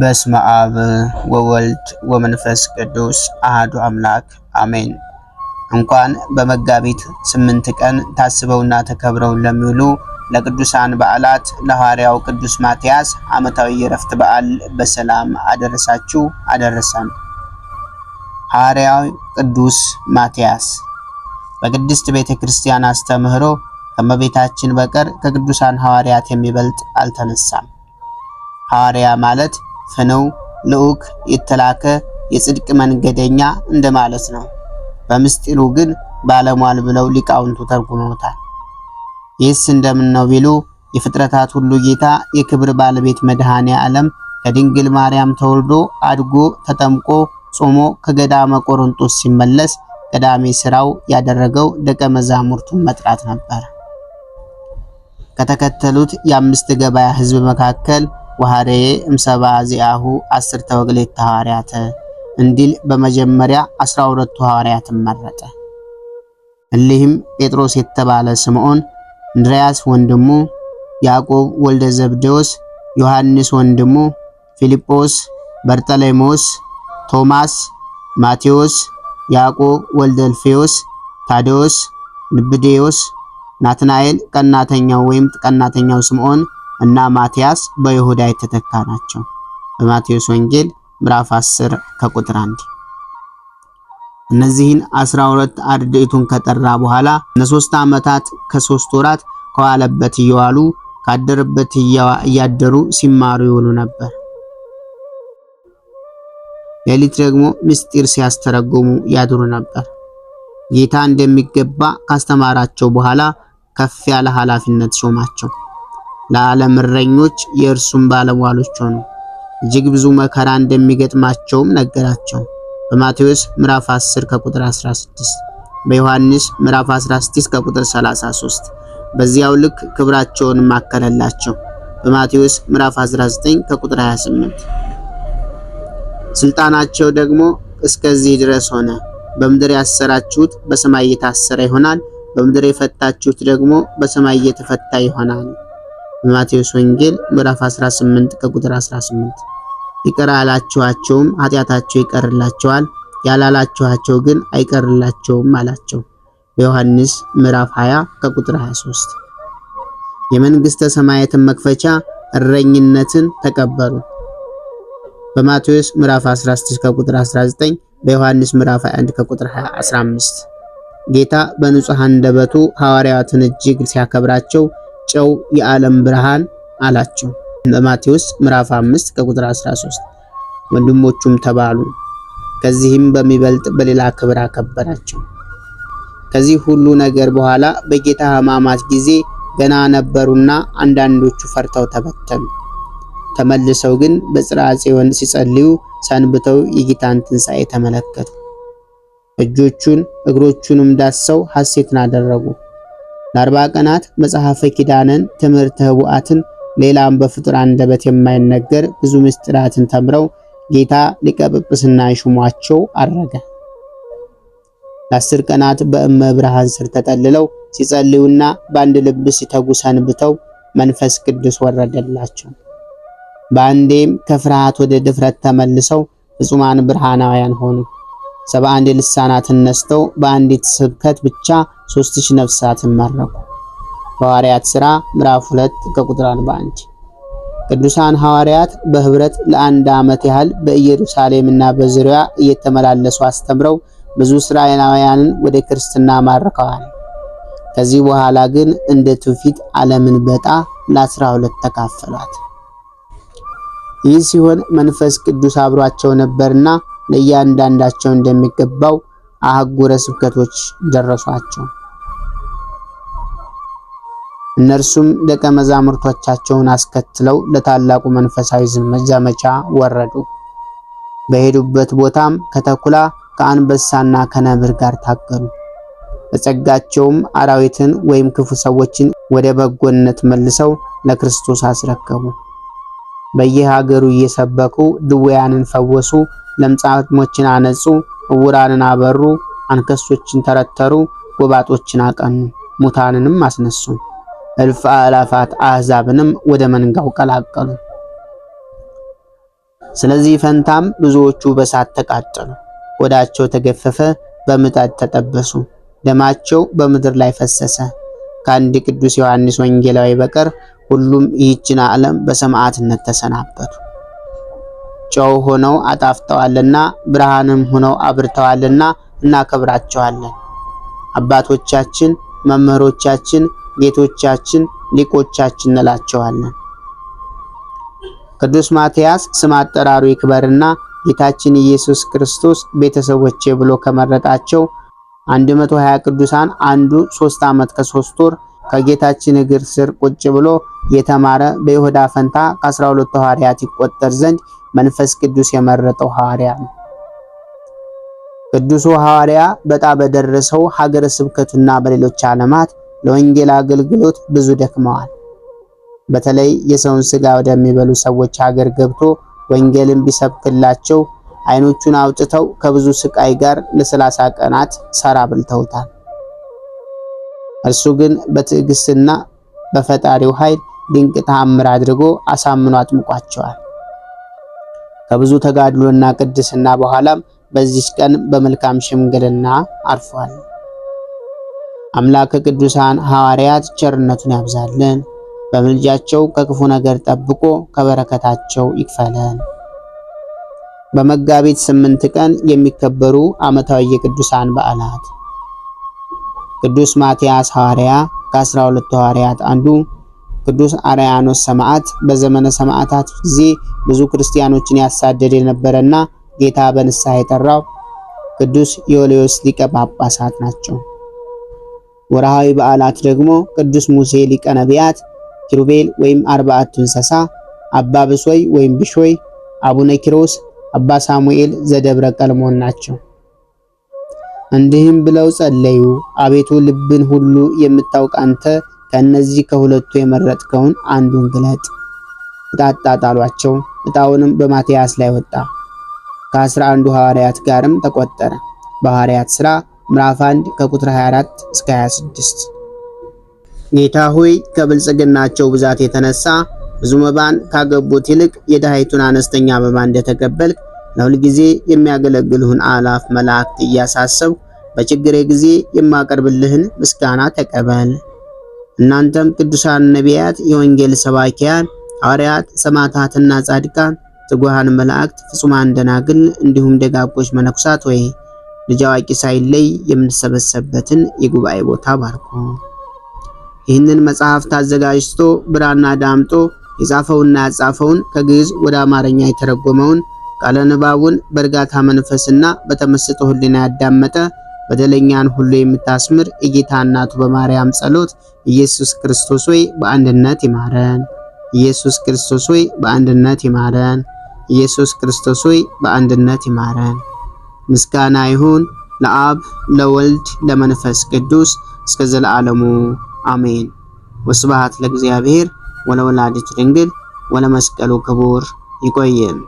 በስመ አብ ወወልድ ወመንፈስ ቅዱስ አህዱ አምላክ አሜን። እንኳን በመጋቢት ስምንት ቀን ታስበውና ተከብረው ለሚውሉ ለቅዱሳን በዓላት ለሐዋርያው ቅዱስ ማትያስ ዓመታዊ የረፍት በዓል በሰላም አደረሳችሁ አደረሰን። ሐዋርያው ቅዱስ ማትያስ በቅድስት ቤተ ክርስቲያን አስተምህሮ ከእመቤታችን በቀር ከቅዱሳን ሐዋርያት የሚበልጥ አልተነሳም። ሐዋርያ ማለት ፈነው ልዑክ የተላከ የጽድቅ መንገደኛ እንደማለት ነው። በምስጢሩ ግን ባለሟል ብለው ሊቃውንቱ ተርጉመውታል። ይህስ እንደምን ነው ቢሉ የፍጥረታት ሁሉ ጌታ የክብር ባለቤት መድኃኔ ዓለም ከድንግል ማርያም ተወልዶ አድጎ ተጠምቆ ጾሞ ከገዳመ ቆሮንጦስ ሲመለስ ቀዳሚ ስራው ያደረገው ደቀ መዛሙርቱን መጥራት ነበር። ከተከተሉት የአምስት ገበያ ህዝብ መካከል ወሃደየ እምሰባ ዚአሁ አስርተ ወግሌተ ሐዋርያተ እንዲል በመጀመሪያ አስራ ሁለቱ ሐዋርያትን መረጠ። እሊህም ጴጥሮስ የተባለ ስምዖን፣ እንድርያስ ወንድሙ፣ ያዕቆብ ወልደ ዘብዴዎስ፣ ዮሐንስ ወንድሙ፣ ፊልጶስ፣ በርጠሌሞስ፣ ቶማስ፣ ማቴዎስ፣ ያዕቆብ ወልደ አልፌዎስ፣ ታዴዎስ፣ ልብዴዎስ፣ ናትናኤል ቀናተኛው ወይም ቀናተኛው ስምዖን እና ማቲያስ በይሁዳ የተተካ ናቸው። በማቴዎስ ወንጌል ምዕራፍ 10 ከቁጥር 1። እነዚህን 12 አርድእቱን ከጠራ በኋላ ለሶስት ዓመታት ከሶስት ወራት ከዋለበት እየዋሉ ካደረበት እያደሩ ሲማሩ ይውሉ ነበር። ሌሊት ደግሞ ምስጢር ሲያስተረጉሙ ያድሩ ነበር። ጌታ እንደሚገባ ካስተማራቸው በኋላ ከፍ ያለ ኃላፊነት ሾማቸው። ለዓለም እረኞች የእርሱም ባለሟሎች ሆኑ። እጅግ ብዙ መከራ እንደሚገጥማቸውም ነገራቸው። በማቴዎስ ምዕራፍ 10 ከቁጥር 16፣ በዮሐንስ ምዕራፍ 16 ከቁጥር 33። በዚያው ልክ ክብራቸውን ማከለላቸው በማቴዎስ ምዕራፍ 19 ከቁጥር 28። ስልጣናቸው ደግሞ እስከዚህ ድረስ ሆነ። በምድር ያሰራችሁት በሰማይ እየታሰረ ይሆናል፣ በምድር የፈታችሁት ደግሞ በሰማይ እየተፈታ ይሆናል። በማቴዎስ ወንጌል ምዕራፍ 18 ከቁጥር 18 ይቅር አላችኋቸውም ኃጢአታቸው ይቀርላቸዋል፣ ያላላችኋቸው ግን አይቀርላቸውም አላቸው። በዮሐንስ ምዕራፍ 20 ከቁጥር 23 የመንግስተ ሰማያትን መክፈቻ እረኝነትን ተቀበሉ። በማቴዎስ ምዕራፍ 16 ከቁጥር 19 በዮሐንስ ምዕራፍ 21 ከቁጥር 15 ጌታ በንጹሕ አንደበቱ ሐዋርያትን እጅግ ሲያከብራቸው ጨው የዓለም ብርሃን አላቸው። በማቴዎስ ምዕራፍ 5 ከቁጥር 13 ወንድሞቹም ተባሉ፣ ከዚህም በሚበልጥ በሌላ ክብር አከበራቸው። ከዚህ ሁሉ ነገር በኋላ በጌታ ሕማማት ጊዜ ገና ነበሩና አንዳንዶቹ ፈርተው ተበተኑ። ተመልሰው ግን በጽርሐ ጽዮን ሲጸልዩ ሰንብተው የጌታን ትንሣኤ ተመለከቱ። እጆቹን እግሮቹንም ዳሰው ሐሴትን አደረጉ። ለአርባ ቀናት መጽሐፈ ኪዳንን ትምህርተ ህቡአትን ሌላም በፍጡር አንደበት የማይነገር ብዙ ምስጢራትን ተምረው ጌታ ሊቀ ጵጵስና ይሹሟቸው አረገ። ለአስር ቀናት በእመ ብርሃን ስር ተጠልለው ሲጸልዩና በአንድ ልብ ሲተጉ ሰንብተው መንፈስ ቅዱስ ወረደላቸው። በአንዴም ከፍርሃት ወደ ድፍረት ተመልሰው ፍጹማን ብርሃናውያን ሆኑ። ሰባ አንድ ልሳናትን ነስተው በአንዲት ስብከት ብቻ 3000 ነፍሳትን ማረኩ። በሐዋርያት ሥራ ምዕራፍ 2 ከቁጥር 41 ቅዱሳን ሐዋርያት በህብረት ለአንድ ዓመት ያህል በኢየሩሳሌምና በዙሪያ እየተመላለሱ አስተምረው ብዙ እስራኤላውያንን ወደ ክርስትና ማርከዋል። ከዚህ በኋላ ግን እንደ ትውፊት ዓለምን በጣ ለአስራ ሁለት ተካፈሏት። ይህ ሲሆን መንፈስ ቅዱስ አብሯቸው ነበርና ለእያንዳንዳቸው እንደሚገባው አህጉረ ስብከቶች ደረሷቸው። እነርሱም ደቀ መዛሙርቶቻቸውን አስከትለው ለታላቁ መንፈሳዊ ዘመቻ ወረዱ። በሄዱበት ቦታም ከተኩላ ከአንበሳና ከነብር ጋር ታገሉ። በጸጋቸውም አራዊትን ወይም ክፉ ሰዎችን ወደ በጎነት መልሰው ለክርስቶስ አስረከቡ። በየሀገሩ እየሰበኩ ድውያንን ፈወሱ። ለምጻሞችን አነጹ፣ እውራንን አበሩ፣ አንከሶችን ተረተሩ፣ ጎባጦችን አቀኑ፣ ሙታንንም አስነሱ፣ እልፍ አእላፋት አሕዛብንም ወደ መንጋው ቀላቀሉ። ስለዚህ ፈንታም ብዙዎቹ በሳት ተቃጠሉ፣ ወዳቸው ተገፈፈ፣ በምጣድ ተጠበሱ፣ ደማቸው በምድር ላይ ፈሰሰ። ከአንድ ቅዱስ ዮሐንስ ወንጌላዊ በቀር ሁሉም ይህችን ዓለም በሰማዕትነት ተሰናበቱ። ጨው ሆነው አጣፍጠዋልና ብርሃንም ሆነው አብርተዋልና እናከብራቸዋለን። አባቶቻችን፣ መምህሮቻችን፣ ጌቶቻችን፣ ሊቆቻችን እንላቸዋለን። ቅዱስ ማትያስ ስም አጠራሩ ይክበርና ጌታችን ኢየሱስ ክርስቶስ ቤተሰቦቼ ብሎ ከመረጣቸው 120 ቅዱሳን አንዱ ሶስት ዓመት ከሶስት ወር ከጌታችን እግር ስር ቁጭ ብሎ የተማረ በይሁዳ ፈንታ ከአስራ ሁለቱ ሐዋርያት ይቆጠር ዘንድ መንፈስ ቅዱስ የመረጠው ሐዋርያ ነው። ቅዱሱ ሐዋርያ በጣ በደረሰው ሀገረ ስብከቱና በሌሎች ዓለማት ለወንጌል አገልግሎት ብዙ ደክመዋል። በተለይ የሰውን ሥጋ ወደሚበሉ ሰዎች ሀገር ገብቶ ወንጌልን ቢሰብክላቸው አይኖቹን አውጥተው ከብዙ ስቃይ ጋር ለሰላሳ ቀናት ሰራ ብልተውታል። እርሱ ግን በትዕግስና በፈጣሪው ኃይል ድንቅ ተአምር አድርጎ አሳምኖ አጥምቋቸዋል። ከብዙ ተጋድሎና ቅድስና በኋላም በዚች ቀን በመልካም ሽምግልና አርፏል። አምላከ ቅዱሳን ሐዋርያት ቸርነቱን ያብዛልን፣ በምልጃቸው ከክፉ ነገር ጠብቆ ከበረከታቸው ይክፈለን። በመጋቢት ስምንት ቀን የሚከበሩ ዓመታዊ የቅዱሳን በዓላት ቅዱስ ማትያስ ሐዋርያ ከ 12 ሐዋርያት አንዱ፣ ቅዱስ አርያኖስ ሰማዕት በዘመነ ሰማዕታት ጊዜ ብዙ ክርስቲያኖችን ያሳደደ የነበረና ጌታ በንስሐ የጠራው ቅዱስ ዮልዮስ ሊቀ ጳጳሳት ናቸው። ወርሃዊ በዓላት ደግሞ ቅዱስ ሙሴ ሊቀ ነቢያት፣ ኪሩቤል ወይም አርባዕቱ እንስሳ፣ አባ ብሶይ ወይም ብሾይ፣ አቡነ ኪሮስ፣ አባ ሳሙኤል ዘደብረ ቀልሞን ናቸው። እንዲህም ብለው ጸለዩ። አቤቱ ልብን ሁሉ የምታውቅ አንተ ከእነዚህ ከሁለቱ የመረጥከውን አንዱን ግለጥ። ዕጣ ጣጣሏቸው። ዕጣውንም በማትያስ ላይ ወጣ። ከአስራ አንዱ ሐዋርያት ጋርም ተቆጠረ። በሐዋርያት ሥራ ምዕራፍ 1 ከቁጥር 24 እስከ 26። ጌታ ሆይ ከብልጽግናቸው ብዛት የተነሳ ብዙ መባን ካገቡት ይልቅ የድሃይቱን አነስተኛ መባ እንደተቀበልክ ለሁልጊዜ የሚያገለግልህን አላፍ መላእክት እያሳሰብ በችግሬ ጊዜ የማቀርብልህን ምስጋና ተቀበል። እናንተም ቅዱሳን ነቢያት፣ የወንጌል ሰባኪያን ሐዋርያት፣ ሰማዕታትና ጻድቃን፣ ትጉሃን መላእክት፣ ፍጹማን ደናግል እንዲሁም ደጋጎች መነኩሳት ወይ ልጅ አዋቂ ሳይለይ የምንሰበሰብበትን የጉባኤ ቦታ ባርኩ። ይህንን መጽሐፍ ታዘጋጅቶ ብራና ዳምጦ የጻፈውና ያጻፈውን ከግዕዝ ወደ አማርኛ የተረጎመውን ቃለ ንባቡን በእርጋታ መንፈስና በተመስጦ ሕሊና ያዳመጠ በደለኛን ሁሉ የምታስምር የጌታ እናቱ በማርያም ጸሎት ኢየሱስ ክርስቶስ ሆይ በአንድነት ይማረን። ኢየሱስ ክርስቶስ ሆይ በአንድነት ይማረን። ኢየሱስ ክርስቶስ ሆይ በአንድነት ይማረን። ምስጋና ይሁን ለአብ ለወልድ ለመንፈስ ቅዱስ እስከ ዘለዓለሙ አሜን። ወስብሐት ለእግዚአብሔር ወለወላዲቱ ድንግል ወለመስቀሉ ክቡር። ይቆየን።